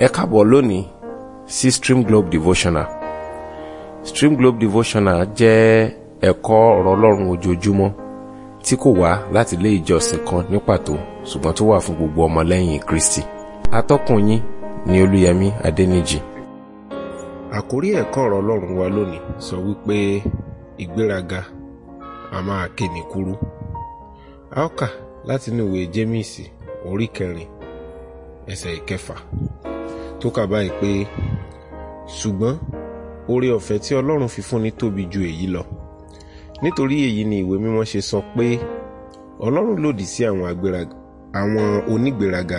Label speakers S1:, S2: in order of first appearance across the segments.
S1: ẹ káàbọ̀ lónìí sí Stream Globe Devotional Stream Globe Devotional jẹ́ ẹ̀kọ́ ọ̀rọ̀ ọlọ́run ojoojúmọ́ tí kò wá láti ilé ìjọsìn kan ní pàtó ṣùgbọ́n tó wà fún gbogbo ọmọlẹ́yìn Kristi atọ́kùn yín ni Olúyẹmí Adẹ́nìjì. àkórí ẹ̀kọ́ ọ̀rọ̀ ọlọ́run wa lónìí sọ wípé ìgbéraga a máa kéni kúrú a ó kà látinú ìwé Jémísì orí kẹrin ẹsẹ̀ ìkẹfà. E tó kà báyìí pé ṣùgbọ́n oore ọ̀fẹ́ tí ọlọ́run fi fúnni tóbi ju èyí lọ nítorí èyí ni ìwé mímọ́ ṣe sọ pé ọlọ́run lòdì sí àwọn onígbéraga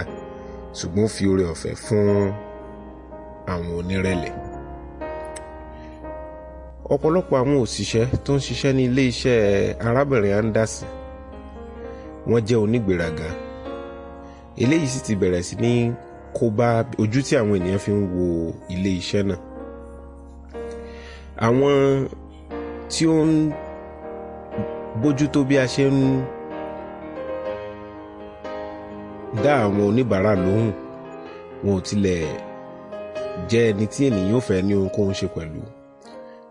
S1: ṣùgbọ́n fi oore ọ̀fẹ́ fún àwọn onírẹ̀lẹ̀ ọ̀pọ̀lọpọ̀ àwọn òṣìṣẹ́ tó ń ṣiṣẹ́ ní ilé-iṣẹ́ arábìnrin Anderson wọ́n jẹ́ onígbéraga eléyìí sì ti bẹ̀rẹ̀ sí ní kó bá ojú tí àwọn ènìyàn fi ń wo ilé iṣẹ́ náà àwọn tí ó ń bójútó bí a ṣe ń dá àwọn oníbàárà lóhùn wọn ò tilẹ̀ jẹ́ ẹni tí ènìyàn ò fẹ́ ní ohunkóhun ṣe pẹ̀lú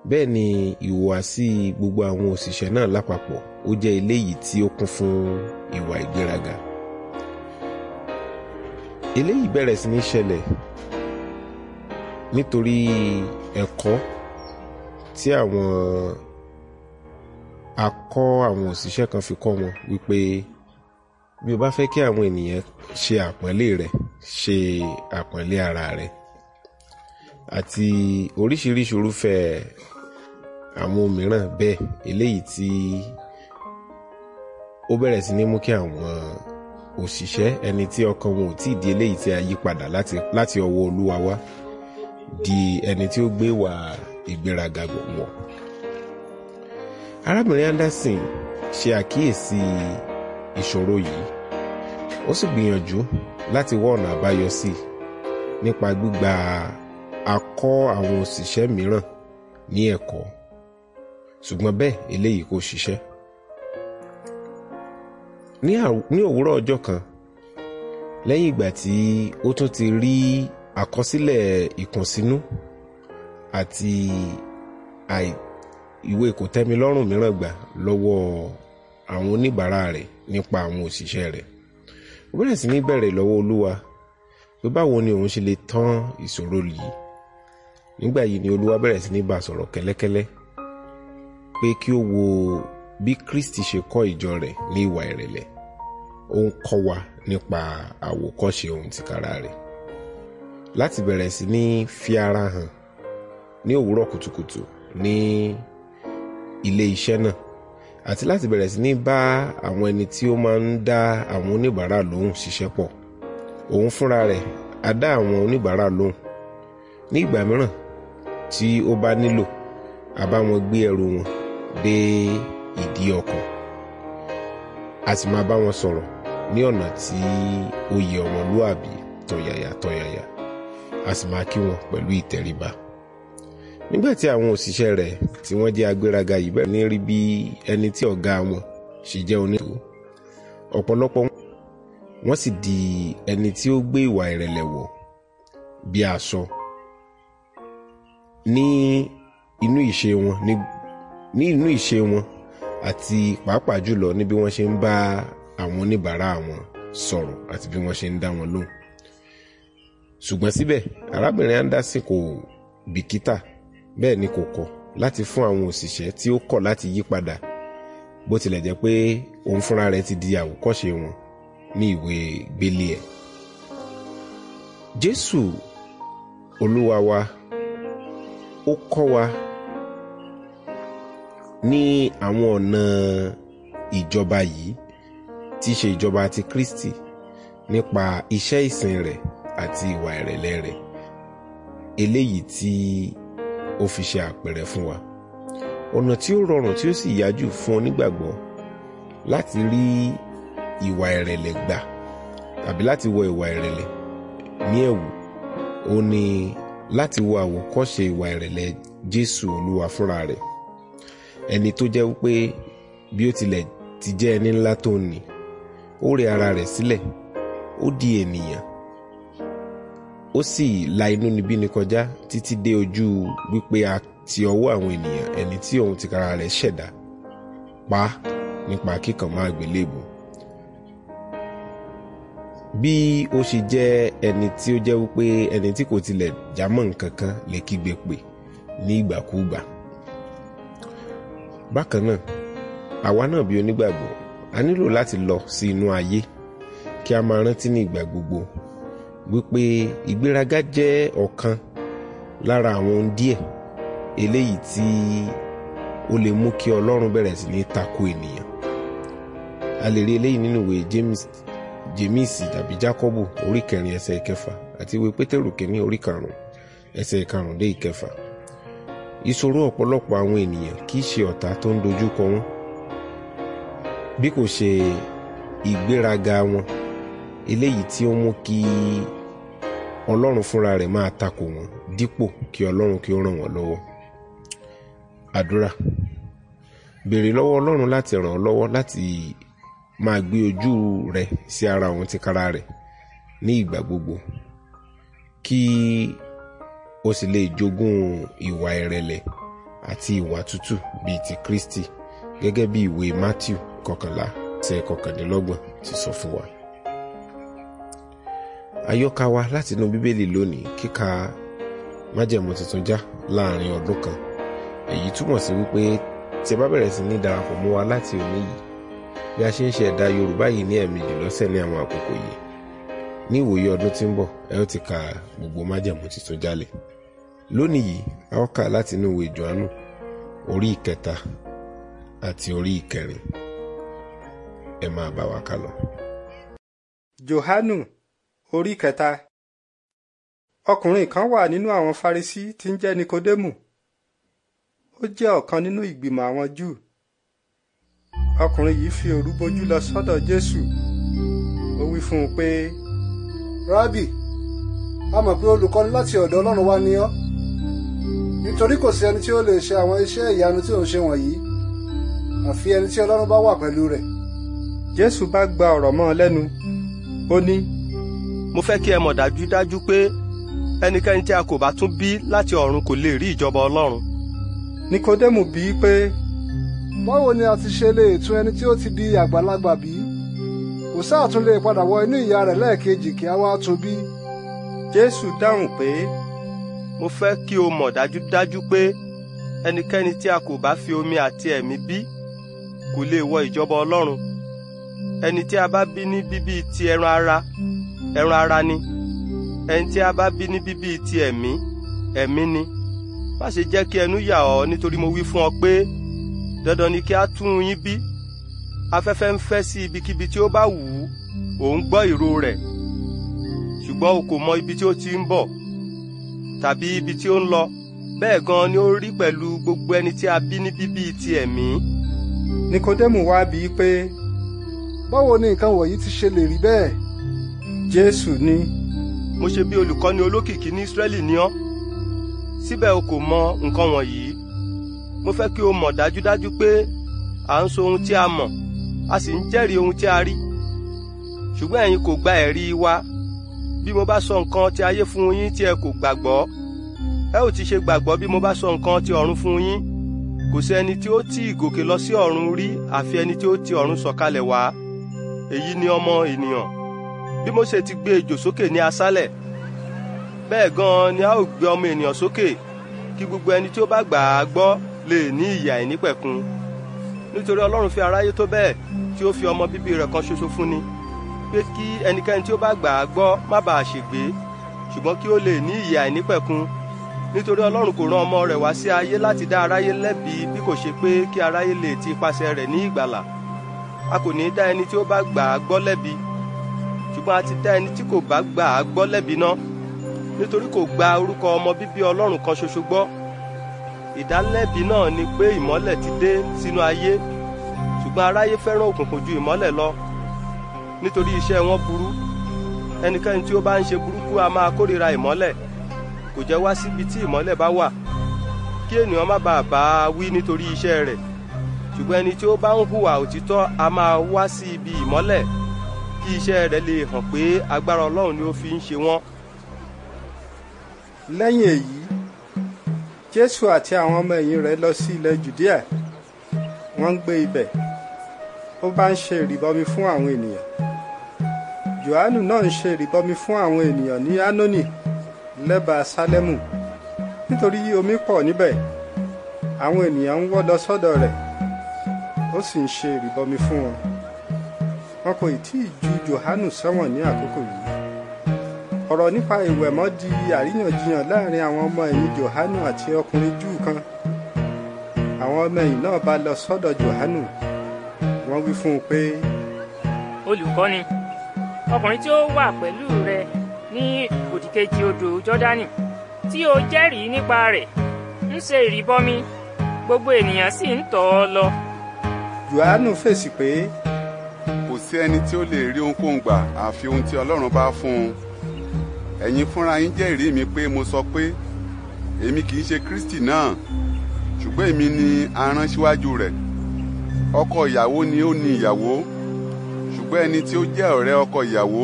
S1: bẹ́ẹ̀ ni ìhùwàsí gbogbo àwọn òṣìṣẹ́ náà lápapọ̀ ó jẹ́ eléyìí tí ó kún fún ìwà ìgbéraga eléyìí bẹ̀rẹ̀ sí ní ṣẹlẹ̀ nítorí ẹ̀kọ́ tí àwọn akọ́ àwọn òṣìṣẹ́ kan fi kọ́ wọn wípé bí o bá fẹ́ kí àwọn ènìyàn ṣe àpọ́nlé rẹ̀ ṣe àpọ́nlé ara rẹ̀ àti oríṣiríṣi irúfẹ́ àwọn mìíràn bẹ́ẹ̀ eléyìí tí ó bẹ̀rẹ̀ sí ní mú kí àwọn. Uh, òṣìṣẹ́ ẹni tí ọkàn wọn ò tí ì di eléyìí tí a yí padà láti ọwọ́ olúwa wá di ẹni tí ó gbé wà ìgbéraga wọ̀. arábìnrin Anderson ṣe àkíyèsí ìṣòro yìí ó sì gbìyànjú láti wá ọ̀nà àbáyọ sí i nípa gbígba akọ́ àwọn òṣìṣẹ́ mìíràn ní ẹ̀kọ́ ṣùgbọ́n bẹ́ẹ̀ eléyìí kò ṣiṣẹ́ ní òwúrọ̀ ọjọ́ kan lẹ́yìn ìgbà tí ó tún ti rí àkọsílẹ̀ ìkùnsínú àti ìwé kòtẹ́milọ́rùn mìíràn gbà lọ́wọ́ àwọn oníbàárà rẹ̀ nípa àwọn òṣìṣẹ́ rẹ̀ ó bẹ̀rẹ̀ sí ní bẹ̀rẹ̀ lọ́wọ́ olúwa pé báwo ni òun ṣe lè tán ìṣòro yìí nígbà yìí ni olúwa bẹ̀rẹ̀ sí ní bá sọ̀rọ̀ kẹ́lẹ́kẹ́lẹ́ pé kí ó wo bí Kristi ṣe kọ́ ìjọ rẹ̀ ní ìwà ìrẹ̀lẹ̀ ó ń kọ́ wa nípa àwòkọ́ṣe ohun tìkára rẹ̀ láti bẹ̀rẹ̀ sí ní fi ara hàn ní òwúrọ̀ kùtùkùtù ní ilé iṣẹ́ náà àti láti bẹ̀rẹ̀ sí ní bá àwọn ẹni tí ó máa ń dá àwọn oníbàárà lóhùn ṣiṣẹ́ pọ̀ òun fúnra rẹ̀ á dá àwọn oníbàárà lóhùn ní ìgbà mìíràn tí ó bá nílò a wọn gbé ẹrù wọn dé ìdí ọkàn a sì máa bá wọn sọ̀rọ̀ ní ọ̀nà tí ó yẹ ọmọlúàbí tọ̀yàyà tọ̀yàyà a sì máa kí wọn pẹ̀lú ìtẹríba nígbà tí àwọn òṣìṣẹ́ rẹ̀ tí wọ́n jẹ́ agbéraga yìí bẹ̀rẹ̀ ní rí bí ẹni tí ọ̀gá wọn ṣe jẹ́ onítò ọ̀pọ̀lọpọ̀ wọ́n sì di ẹni tí ó gbé ìwà ìrẹ̀lẹ̀ wọ̀ bí aṣọ ní inú ìṣe wọn ní inú ìṣe wọn àti pàápàá jùlọ ní bí wọ́n ṣe ń bá àwọn oníbàárà wọn sọ̀rọ̀ àti bí wọ́n ṣe ń dá wọn lóhùn ṣùgbọ́n síbẹ̀ arábìnrin Anderson kò bìkítà bẹ́ẹ̀ ni kò kọ̀ láti fún àwọn òṣìṣẹ́ tí ó kọ̀ láti yí padà bó tilẹ̀ jẹ́ pé òun fúnra rẹ̀ ti di àwòkọ́ṣe wọn ní ìwé gbélé ẹ̀. Jésù olúwa wa ó kọ́ wa. Ó ní àwọn ọ̀nà ìjọba yìí tí ṣe ìjọba ti Kristi nípa iṣẹ́ ìsìn rẹ̀ àti ìwà ìrẹ̀lẹ̀ rẹ̀ eléyìí tí ó fi ṣe àpẹẹrẹ fún wa ọ̀nà tí ó rọrùn tí ó sì yájú fún onígbàgbọ́ láti rí ìwà ìrẹ̀lẹ̀ gbà tàbí láti wọ ìwà ìrẹ̀lẹ̀ ní ẹ̀wù ó ní láti wọ àwòkọ́ṣe ìwà ìrẹ̀lẹ̀ Jésù Olúwa fúnra rẹ̀ ẹni tó jẹ́ wípé bí ó tilẹ̀ ti jẹ́ ẹni ńlá tó ní ó rẹ ara rẹ̀ sílẹ̀ ó di ènìyàn ó sì la inúnibíni kọjá títí dé ojú wípé a ti ọwọ́ àwọn ènìyàn ẹni tí òun tìkára rẹ̀ ṣẹ̀dá pa nípa kíkàn mọ́ àgbélébùú bí ó ṣe jẹ́ ẹni tí ó jẹ́ wípé ẹni tí kò tilẹ̀ jámọ́ nǹkan lè kígbe pè ní ìgbàkúùgbà. Ìgbà bákan náà àwa náà bí onígbàgbọ́ a nílò láti lọ sí inú ayé kí a máa rántí ní ìgbà gbogbo wípé ìgbéraga jẹ́ ọ̀kan lára àwọn ohun díẹ̀ eléyìí tí ó lè mú kí ọlọ́run bẹ̀rẹ̀ sí ní tako ènìyàn a lè rí eléyìí nínú ìwé James jemisi tàbí Jákọ́bù orí kẹrin ẹsẹ̀ ìkẹfà àti ìwé Pétérù kìíní orí karùnún ẹsẹ̀ ìkarùnún dé ìkẹfà ìṣòro ọ̀pọ̀lọpọ̀ àwọn ènìyàn kì í ṣe ọ̀tá tó ń dojúkọ wọn bí kò ṣe ìgbéraga wọn eléyìí tí ó mú kí ọlọ́run fúnra rẹ̀ máa takò wọn dípò kí ọlọ́run kí ó ràn wọ́n lọ́wọ́ àdúrà béèrè lọ́wọ́ ọlọ́run láti ràn ọ́ lọ́wọ́ láti máa gbé ojú rẹ̀ sí ara òun tìkára rẹ̀ ní ìgbà gbogbo kí o sì lè jogún ìwà ìrẹ̀lẹ̀ àti ìwà tútù bíi ti Kristi gẹ́gẹ́ bí ìwé Matthew kọkànlá ẹsẹ̀ kọkàndínlọ́gbọ̀n ti sọ fún wa. àyọkà wa láti inú bíbélì lónìí kíka májẹ̀mú tuntun já láàrin ọdún kan èyí túmọ̀ sí wípé tí ẹ bá bẹ̀rẹ̀ sí ní darapọ̀ mọ́ wa láti òní yìí bí a ṣe ń ṣe ẹ̀dá Yorùbá yìí ní ẹ̀ẹ̀mejì lọ́sẹ̀ ní àwọn àkókò yìí ní ìwòye ọdún tí ń bọ̀ ẹ ó ti ka gbogbo májẹ̀mú tuntun jálẹ̀ lónìí yìí a ó kà láti inú ìwé Jòhánù orí ìkẹta àti orí ìkẹrin ẹ máa bá wa ká lọ.
S2: Jòhánù orí kẹta ọkùnrin kan wà nínú àwọn Farisí tí ń jẹ́ Nikodémù ó jẹ́ ọ̀kan nínú ìgbìmọ̀ àwọn Júù ọkùnrin yìí fi òru bojú lọ sọ́dọ̀ Jésù ó wí fún un pé rábì a mọ̀ pé olùkọ́ni láti ọ̀dọ̀ ọlọ́run wá ní ọ́ nítorí kò sí ẹni tí ó lè ṣe àwọn iṣẹ́ ìyanu tí
S3: ò ń ṣe wọ̀nyí àfi ẹni tí ọlọ́run bá wà pẹ̀lú rẹ̀. jésù bá gba ọ̀rọ̀ mọ́ ọ lẹ́nu ó ní. mo fẹ́ kí ẹ mọ̀ dájúdájú pé ẹnikẹ́ni tí a kò bá tún bí láti ọ̀run kò lè rí ìjọba ọlọ́run. nikodemu bí
S2: i pé. báwo ni a ti ṣe lè tún ẹni tí ó ti di àgbàlagbà bí kò sáà tún lè padà wọ inú ìyá rẹ̀ lẹ́ẹ̀kejì kí a wá tún bí.
S3: jésù dáhùn pé mo fẹ́ kí o mọ̀ dájúdájú pé ẹnikẹ́ni tí a kò bá fi omi àti ẹ̀mí bí kò lè wọ ìjọba ọlọ́run ẹni tí a bá bí ní bíbí ti ẹran ara ẹran ara ni ẹni tí a bá bí ní bíbí ti ẹ̀mí ẹ̀mí ni má ṣe jẹ́ kí ẹnu yà ọ́ nítorí mo wí fún ọ pé dandan ni kí a tún yín bí afẹ́fẹ́ ń fẹ́ sí ibikíbi tí ó bá wù ú ò ń gbọ́ ìró rẹ̀ ṣùgbọ́n o kò mọ ibi tí ó ti ń bọ̀ tàbí ibi tí ó ń lọ bẹ́ẹ̀ gan ni ó rí pẹ̀lú gbogbo ẹni tí a bí ní bíbí ti ẹ̀mí. nikodemu wá bí i pé báwo ni nǹkan wọ̀nyí ti ṣe lè rí bẹ́ẹ̀. jésù ní. mo ṣe bí olùkọ́ni olókìkí ní ísírẹ́lì ni ọ́ síbẹ̀ o kò mọ nǹkan wọ̀nyí mo fẹ́ kí o mọ̀ dájúdájú pé à ń sọ ohun tí a mọ̀ a sì ń jẹ́rìí ohun tí a rí ṣùgbọ́n ẹ̀yin kò gba ẹ̀rí wa bí mo bá sọ nǹkan tí ayé fún yín tí ẹ kò gbàgbọ́ ẹ ò ti ṣe gbàgbọ́ bí mo bá sọ nǹkan tí ọ̀run fún yín kò sí ẹni tí ó tí ì gòkè lọ sí ọ̀run rí àfi ẹni tí ó ti ọ̀run sọ̀kalẹ̀ wá èyí ni ọmọ ènìyàn bí mo ṣe ti gbé ejò sókè ní aṣálẹ̀ bẹ́ẹ̀ gan-an ni a ó gbé ọmọ ènìyàn sókè kí gbogbo ẹni tí ó bá gbà á gbọ́ lè ní ìyà ìnípẹ̀kun nítorí ọlọ́run fi aráyé tó bẹ́ẹ̀ tí ó fi ọmọ bíbí rẹ̀ kan ṣoṣo fún ni pé kí ẹnikẹ́ni tí ó bá gbà á gbọ́ má bàa ṣègbé ṣùgbọ́n kí ó lè ní ìyè àìnípẹ̀kun nítorí ọlọ́run kò rán ọmọ rẹ̀ wá sí ayé láti dá aráyé lẹ́bi bí kò ṣe pé kí aráyé lè ti ipasẹ̀ rẹ̀ ní ìgbàlà a kò ní dá ẹni tí ó bá gbà á gbọ́ lẹ́bi ṣùgbọ́n a ti dá ẹni tí kò bá gbà á gbọ́ lẹ́bi náà nítorí kò gba orúkọ ọmọ bíbí ọlọ́run kan ṣoṣo gbọ́ ìdálẹ́bi náà ni pé ìmọ́lẹ̀ ti dé sínú ayé ṣùgbọ́n aráyé fẹ́ràn òkùnkùn ju ìmọ́lẹ̀ lọ nítorí iṣẹ́ wọn burú ẹnikẹ́ni tí ó bá ń ṣe burúkú a máa kórìíra ìmọ́lẹ̀ kò jẹ́ wá síbi tí ìmọ́lẹ̀ bá wà kí ènìyàn má bàa bá a wí nítorí iṣẹ́ rẹ̀ ṣùgbọ́n ẹni tí ó bá ń hùwà òtítọ́ a máa wá sí ibi ìmọ́lẹ̀ kí iṣẹ́ rẹ̀ lè hàn pé agbára Ọlọ́run ni ó fi ń ṣe wọ́n.
S2: lẹ́yìn èyí jésù àti àwọn ọmọ ẹ̀yìn rẹ̀ lọ sí ilẹ̀ jùdíà wọ́n ń gbé ibẹ̀ ó bá ń ṣe ìrìbọmi fún àwọn ènìyàn johannu náà ń ṣe ìrìbọmi fún àwọn ènìyàn ní anoni lẹ́bàá sálẹ́mù nítorí omi pọ̀ níbẹ̀ àwọn ènìyàn ń wọ́ lọ sọ́dọ̀ rẹ̀ ó sì ń ṣe ìrìbọmi fún wọn wọn kò tí ì ju johannu sẹ́wọ̀n ní àkókò yìí ọ̀rọ̀ nípa ìwẹ̀mọ́ di àríyànjiyàn láàrin àwọn ọmọ ẹ̀yìn Jòhánù àti ọkùnrin Júù kan àwọn ọmọ ẹ̀yìn náà bá lọ sọ́dọ̀ Jòhánù wọ́n wí fún un pé.
S4: olùkọ́ni ọkùnrin tí ó wà pẹ̀lú rẹ ní òdìkejì odò Jọ́dánì tí o jẹ́rìí nípa rẹ̀ ń ṣe ìrìbọmi gbogbo ènìyàn sì ń tọ̀ ọ́ lọ.
S5: Jòhánù fèsì pé. kò sí ẹni tí ó lè rí ohunkóhun gbà àfi ohun tí Ọlọ́run bá fún un ẹ̀yin fúnra yín jẹ́rìí mi pé mo sọ pé èmi kì í ṣe Kristi náà ṣùgbọ́n èmi ni arán síwájú rẹ̀ ọkọ ìyàwó ni ó ní ìyàwó ṣùgbọ́n ẹni tí ó jẹ́ ọ̀rẹ́ ọkọ ìyàwó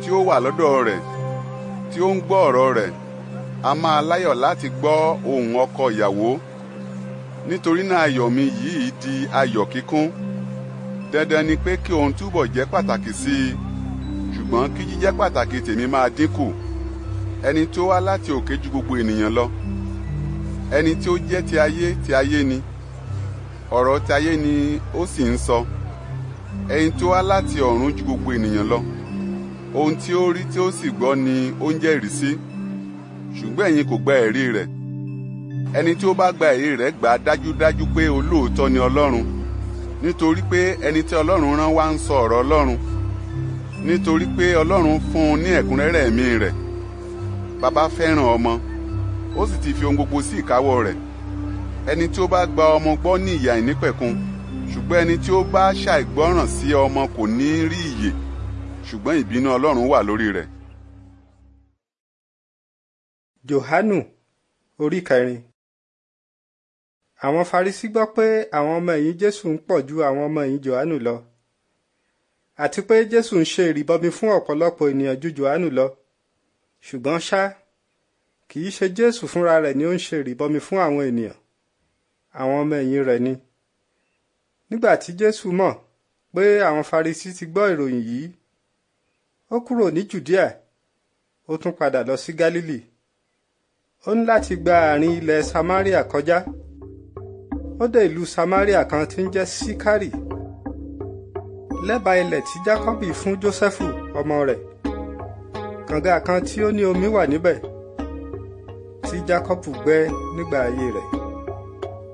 S5: tí ó wà lọ́dọ̀ rẹ̀ tí ó ń gbọ́ ọ̀rọ̀ rẹ̀ a máa láyọ̀ láti gbọ́ ohùn ọkọ ìyàwó nítorí náà ayọ̀ mi yìí di ayọ̀ kíkún dandan ni pé kí òun túbọ̀ jẹ́ pàtàkì sí i ṣùgbọ́n kí jíjẹ́ pàtàkì tèmi máa dínkù ẹni tí wá láti òkè ju gbogbo ènìyàn lọ ẹni tí jẹ́ ti ayé ti ayé ni ọ̀rọ̀ ti ayé ni ó sì ń sọ ẹni tí wá láti ọ̀run ju gbogbo ènìyàn lọ ohun tí ó rí tí ó sì gbọ́ ni ó ń ṣùgbọ́n ẹ̀yin kò gba ẹ̀rí rẹ̀ ẹni tí ó bá gba ẹ̀rí rẹ̀ gbà dájúdájú pé olóòótọ́ ni ọlọ́run nítorí pé ẹni tí ọlọ́run rán wá ń sọ ọ̀rọ̀ ọlọ́run nítorí pé ọlọ́run fún un ní ẹ̀kúnrẹ́rẹ́ ẹ̀mí rẹ̀ bàbá fẹ́ràn ọmọ ó sì ti fi ohun gbogbo sí ìkáwọ́ rẹ̀ ẹni tí ó bá gba ọmọ gbọ́ ní ìyà ìnípẹ̀kun ṣùgbọ́n ẹni tí ó bá ṣàìgbọ́ràn sí ọmọ kò ní rí ìyè ṣùgbọ́n ìbínú ọlọ́run wà lórí rẹ̀.
S2: johanu orí kẹrin àwọn farisi gbọ́ pé àwọn ọmọ ẹ̀yìn jésù ń pọ̀ ju àwọn ọmọ ẹ̀yìn johanu lọ àti pé Jésù ń ṣe ìrìbọmi fún ọ̀pọ̀lọpọ̀ ènìyàn ju Jòhánù lọ ṣùgbọ́n ṣá kì í ṣe Jésù fúnra rẹ̀ ni ó ń ṣe ìrìbọmi fún àwọn ènìyàn àwọn ọmọ ẹ̀yìn rẹ̀ ni nígbà tí Jésù mọ̀ pé àwọn Farisí ti gbọ́ ìròyìn yìí ó kúrò ní Jùdíà ó tún padà lọ sí Gálílì ó ní láti gba àárín ilẹ̀ Samaria kọjá ó dé ìlú Samaria kan tí ń jẹ́ Síkárì lẹ́bàá ilẹ̀ tí Jákọ́bì fún Jósẹ́fù ọmọ rẹ̀ kànga kan tí ó ní omi wà níbẹ̀ tí Jákọ́bù gbẹ́ nígbà ayé rẹ̀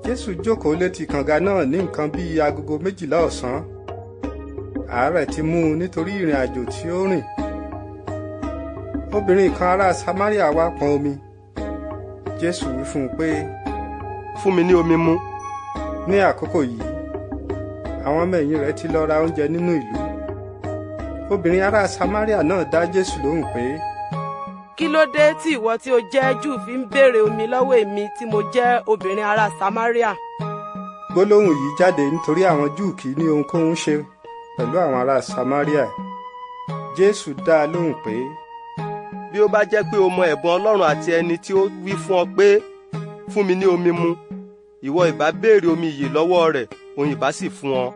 S2: Jésù jókòó létí kànga náà ní nǹkan bíi agogo méjìlá ọ̀sán àárẹ̀ ti mú un nítorí ìrìn àjò tí ó rìn obìnrin kan ará Samaria wá pọn omi Jésù wí fún un pé fún mi ní omi mu ní àkókò yìí àwọn ọmọ ẹ̀yìn rẹ̀ ti lọ ra oúnjẹ nínú ìlú obìnrin ará samaria náà dá jésù lóhùn pé.
S4: kí ló dé tí ìwọ tí o jẹ́ júù fi ń béèrè omi lọ́wọ́ èmi tí mo jẹ́ obìnrin ará samaria.
S2: gbólóhùn yìí jáde nítorí àwọn júù kì í ní ohunkóhun ṣe pẹ̀lú àwọn ará
S3: samaria jésù dá a lóhùn pé. bí ó bá jẹ́ pé o mọ ẹ̀bùn ọlọ́run àti ẹni tí ó wí fún ọ pé fún mi ní omi mu ìwọ ìbá béèrè omi yìí lọ́wọ́ rẹ̀ òun ìbá sì fún ọ.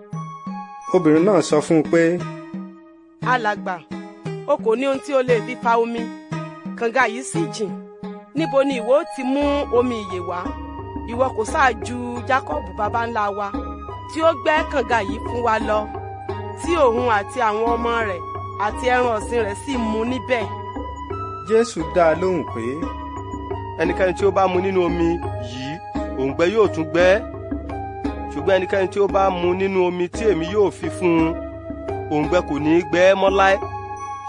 S2: obìnrin náà sọ fún un pé.
S4: alàgbà o kò ní ohun tí o lè fi fa omi kànga yìí sì jìn níbo ni ìwọ ti mú omi ìyè wá ìwọ kò sáà ju Jákọ́bù baba ńlá wa tí ó gbẹ́ kànga yìí fún wa lọ tí òun àti àwọn ọmọ rẹ̀ àti ẹran ọ̀sìn rẹ̀ sì mu níbẹ̀.
S3: Jésù dá a lóhùn pé ẹnikẹ́ni tí ó bá mu nínú omi yìí òǹgbẹ yóò tún gbẹ́ ṣùgbọ́n ẹnikẹ́ni tí ó bá mu nínú omi tí èmi yóò fi fún un òǹgbẹ kò ní í gbẹ ẹ́ mọ́ láé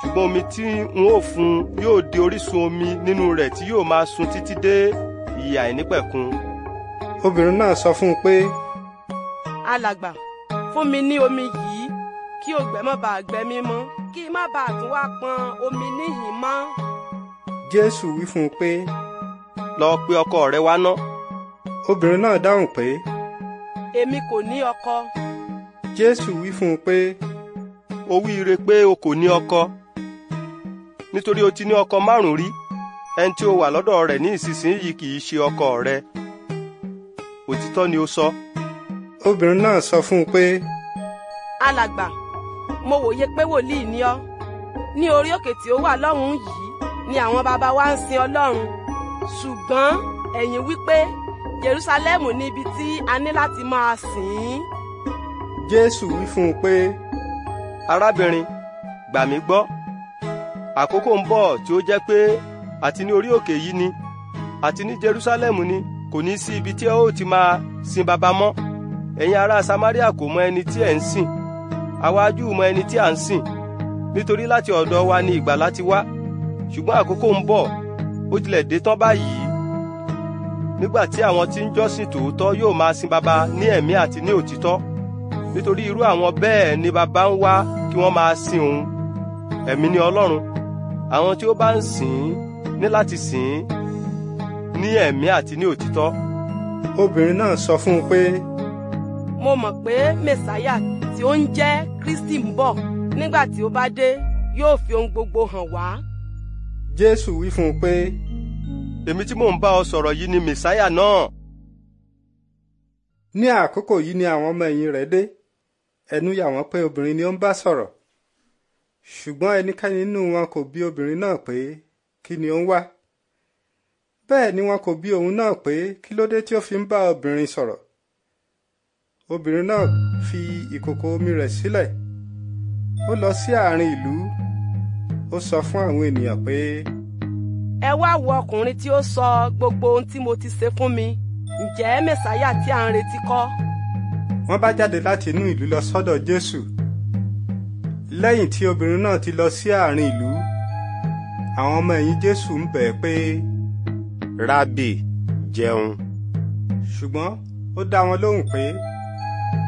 S3: ṣùgbọ́n omi tí n ó fún un yóò di orísun omi nínú rẹ̀ tí yóò máa sun títí dé ìyè àìnípẹ̀kun.
S2: obìnrin náà sọ fún un pé.
S4: alàgbà fún mi ní omi yìí kí òǹgbẹ má bàa gbẹ mí mọ́ kí má bàa tún wá pọn omi níhìn mọ́. jésù wí
S2: fún un pé.
S3: lọ pe ọkọ rẹ wá ná.
S2: obìnrin náà dáhùn pé
S4: èmi kò ní ọkọ.
S3: jésù wí fún un pé o wíire pé o kò ní ọkọ nítorí o ti ní ọkọ márùn-ún rí ẹni tí o wà lọ́dọ̀ rẹ̀ ní ìsinsìnyí kì í ṣe ọkọ rẹ òtítọ́ ni ó sọ.
S2: obìnrin náà sọ fún un pé.
S4: alàgbà mo wòye pé wòlíì ni ọ́ ní orí òkè tí ó wà lọ́hùn-ún yìí ni àwọn baba wa ń sin ọlọ́run ṣùgbọ́n ẹ̀yin wí pé jerusalemu ni ibi tí a ní láti máa sìn ín.
S3: jésù wí fún un pé arábìnrin gbà mí gbọ́ àkókò ń bọ̀ tí ó jẹ́ pé àti ní orí òkè yìí ni àti ní jerusalemu ni kò ní sí ibi tí ó ti máa sin baba mọ́ ẹ̀yin ará samaria kò mọ ẹni tí ẹ̀ ń sìn àwa Júù mọ ẹni tí à ń sìn nítorí láti ọ̀dọ̀ wa ni ìgbàlà ti wá ṣùgbọ́n àkókò ń bọ̀ ó tilẹ̀ dé tán báyìí nígbà tí àwọn tí ń jọ́sìn tòótọ́ yóò máa sin baba ní ẹ̀mí àti ní òtítọ́ nítorí irú àwọn bẹ́ẹ̀ ni baba ń wá kí wọ́n máa sin òun ẹ̀mí ni ọlọ́run àwọn tí ó bá ń sìn ín ní láti sìn ín ní ẹ̀mí àti ní òtítọ́. obìnrin náà sọ fún un pé.
S4: mo mọ̀ pé mẹ̀sáyà tí ó ń jẹ́ kristi ń bọ̀ nígbà tí ó bá dé yóò fi ohun gbogbo hàn wá.
S3: jésù wí fún un pé èmi tí mò ń bá ọ sọ̀rọ̀ yìí ni mẹ̀sáyà náà.
S2: ní àkókò yìí ni àwọn ọmọ ẹ̀yìn rẹ̀ dé ẹnu yà wọ́n pé obìnrin ni ó ń bá sọ̀rọ̀ ṣùgbọ́n ẹnikẹ́ni nínú wọn kò bi obìnrin náà pé kí ni ó ń wá bẹ́ẹ̀ ni wọn kò bi òun náà pé kí ló dé tí ó fi ń bá obìnrin sọ̀rọ̀ obìnrin náà fi ìkòkò omi rẹ̀ sílẹ̀ ó lọ sí àárín ìlú ó sọ fún àwọn ènìyàn pé
S4: ẹ wá wo ọkùnrin tí ó sọ gbogbo ohun tí mo ti ṣe fún mi ǹjẹ́ mẹ̀sáyà tí à ń retí kọ́.
S2: wọ́n bá jáde láti inú ìlú lọ sọ́dọ̀ jésù lẹ́yìn tí obìnrin náà ti lọ sí àárín ìlú àwọn ọmọ ẹ̀yìn jésù ń bẹ̀ pé.
S3: rábì jẹun. ṣùgbọ́n ó dá wọn lóhùn pé.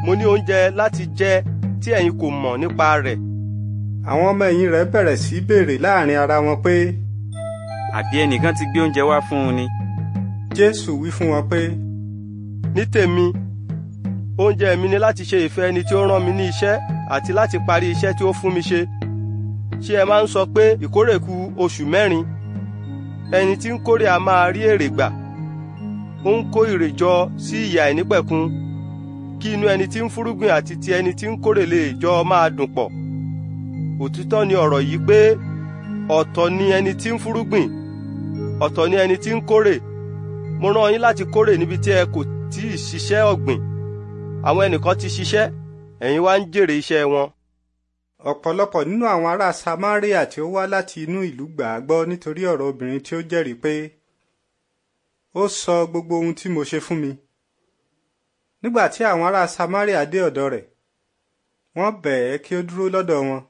S3: mo ní oúnjẹ láti jẹ tí ẹ̀yin kò mọ̀ nípa rẹ̀. àwọn ọmọ ẹ̀yìn rẹ̀ bẹ̀rẹ̀ sí í béèrè láàrin ara wọn pé àbí ẹnìkan ti gbé oúnjẹ wá fún un ni. jésù wí fún wọn pé. ní tèmi oúnjẹ mi ni láti ṣe ìfẹ́ ẹni tí ó rán mi ní iṣẹ́ àti láti parí iṣẹ́ tí ó fún mi ṣe ṣé ẹ máa ń sọ pé ìkórè kù oṣù mẹ́rin ẹni tí ń kórè a máa rí èrè gbà ó ń kó ìrè jọ sí ìyà ìnípẹ̀kun kí inú ẹni tí ń fúrúgbìn àti ti ẹni tí ń kórè lè jọ máa dùn pọ̀ òtítọ́ ni ọ̀rọ̀ yìí pé ọ̀tọ̀ ni ẹni tí ń fúrúgbìn ọ̀tọ̀ ni ẹni tí ń kórè mo rán yín láti kórè níbi tí ẹ kò tí ì ṣiṣẹ́ ọ̀gbìn àwọn ẹnìkan ti ṣiṣẹ́ ẹ̀yin wá ń jèrè iṣẹ́ wọn.
S2: ọ̀pọ̀lọpọ̀ nínú àwọn ará Samaria tí ó wá láti inú ìlú gbà á gbọ́ nítorí ọ̀rọ̀ obìnrin tí ó jẹ́rìí pé ó sọ gbogbo ohun tí mo ṣe fún mi. nígbà tí àwọn ará Samaria dé ọ̀dọ̀ rẹ̀ wọ́n bẹ̀ kí ó dúró lọ́dọ̀ wọn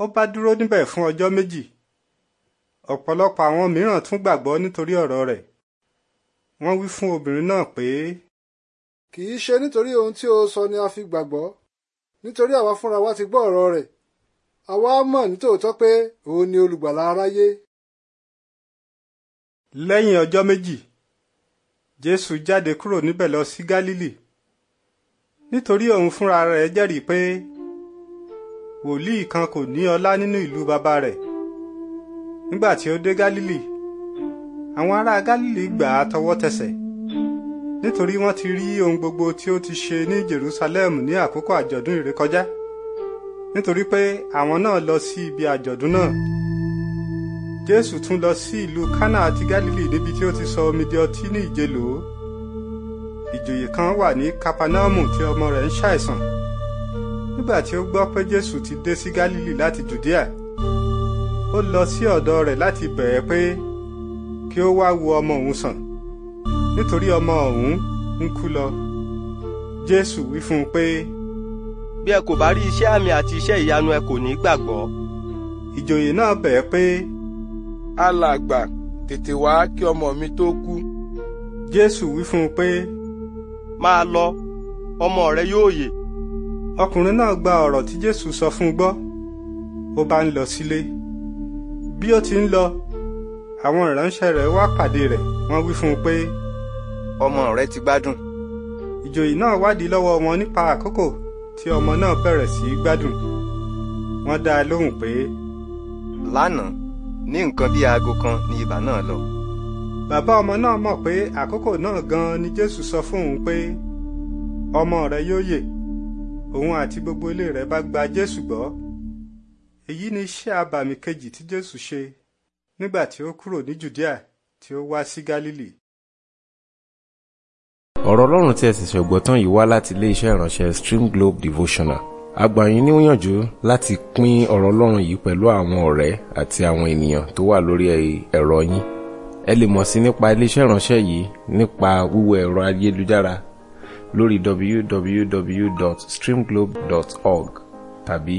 S2: ó bá dúró níbẹ̀ fún ọjọ́ méjì ọ̀pọ̀lọpọ̀ àwọn mìíràn tún gbàgbọ́ nítorí ọ̀rọ̀ rẹ̀ wọ́n wí fún obìnrin náà pé. kì í ṣe nítorí ohun tí o sọ ni a fi gbàgbọ́ nítorí àwa fúnra wa ti gbọ́ ọ̀rọ̀ rẹ̀ àwa mọ̀ nítòótọ́ pé òun ni olùgbàlà aráyé. lẹ́yìn ọjọ́ méjì jésù jáde kúrò níbẹ̀ lọ sí gálílì nítorí òun fúnra rẹ̀ jẹ́rìí pé wòlíì kan kò ní ọlá nínú ìlú bàbá rẹ̀ nígbà tí ó dé Gálílì àwọn ará Gálílì gbà á tọwọ́ tẹsẹ̀ nítorí wọ́n ti rí ohun gbogbo tí ó ti ṣe ní Jerusalem ní àkókò àjọ̀dún ìrékọjá nítorí pé àwọn náà lọ sí ibi àjọ̀dún náà Jésù tún lọ sí ìlú Kánà àti Gálílì níbi tí ó ti sọ omi di ọtí ní ìjẹlò ìjòyè kan wà ní Kapanaumu tí ọmọ rẹ̀ ń ṣàìsàn nígbà tí ó gbọ́ pé Jésù ti dé sí Gálílì láti Jùdíà ó lọ sí ọ̀dọ̀ rẹ̀ láti bẹ̀ ẹ́ pé kí ó wá wo ọmọ òun sàn nítorí ọmọ òun ń kú lọ
S3: jésù wí fún un pé. bí ẹ kò bá rí iṣẹ́ àmì àti iṣẹ́ ìyanu ẹ kò ní gbàgbọ́. ìjòyè náà bẹ̀ ẹ́ pé. alàgbà tètè wá kí ọmọ mi tó kú. jésù wí fún un pé. máa lọ ọmọ rẹ yóò yè.
S2: ọkùnrin náà gba ọ̀rọ̀ tí jésù sọ fún un gbọ́ ó bá ń lọ sílé. Si bí ó ti ń lọ àwọn ìránṣẹ́ rẹ̀ wá pàdé rẹ̀ wọ́n wí fún un pé. ọmọ rẹ ti gbádùn. ìjòyè náà wádìí lọ́wọ́ wọn nípa àkókò tí ọmọ náà bẹ̀rẹ̀ sí í gbádùn. wọ́n dá a lóhùn pé. lánàá ní nǹkan bíi aago kan ni ibà náà lọ. bàbá ọmọ náà mọ̀ pé àkókò náà gan-an ni jésù sọ fún òun pé ọmọ rẹ yóò yè òun àti gbogbo ilé rẹ̀ bá gba jésù gbọ́ èyí ni iṣẹ́ abàmì kejì tí jésù ṣe nígbà tí ó kúrò ní judea tí ó wá sí galili.
S1: ọ̀rọ̀ ọlọ́run tí ẹ sì ṣẹ̀gbọ́ tán yìí wá láti iléeṣẹ́ ìránṣẹ́ stream globe devotional a gbà yín níyànjú láti pín ọ̀rọ̀ ọlọ́run yìí pẹ̀lú àwọn ọ̀rẹ́ àti àwọn ènìyàn tó wà lórí ẹ̀rọ yín ẹ lè mọ̀ sí nípa iléeṣẹ́ ìránṣẹ́ yìí nípa wíwọ ẹ̀rọ ayélujára lórí www.streamglobe.org tàbí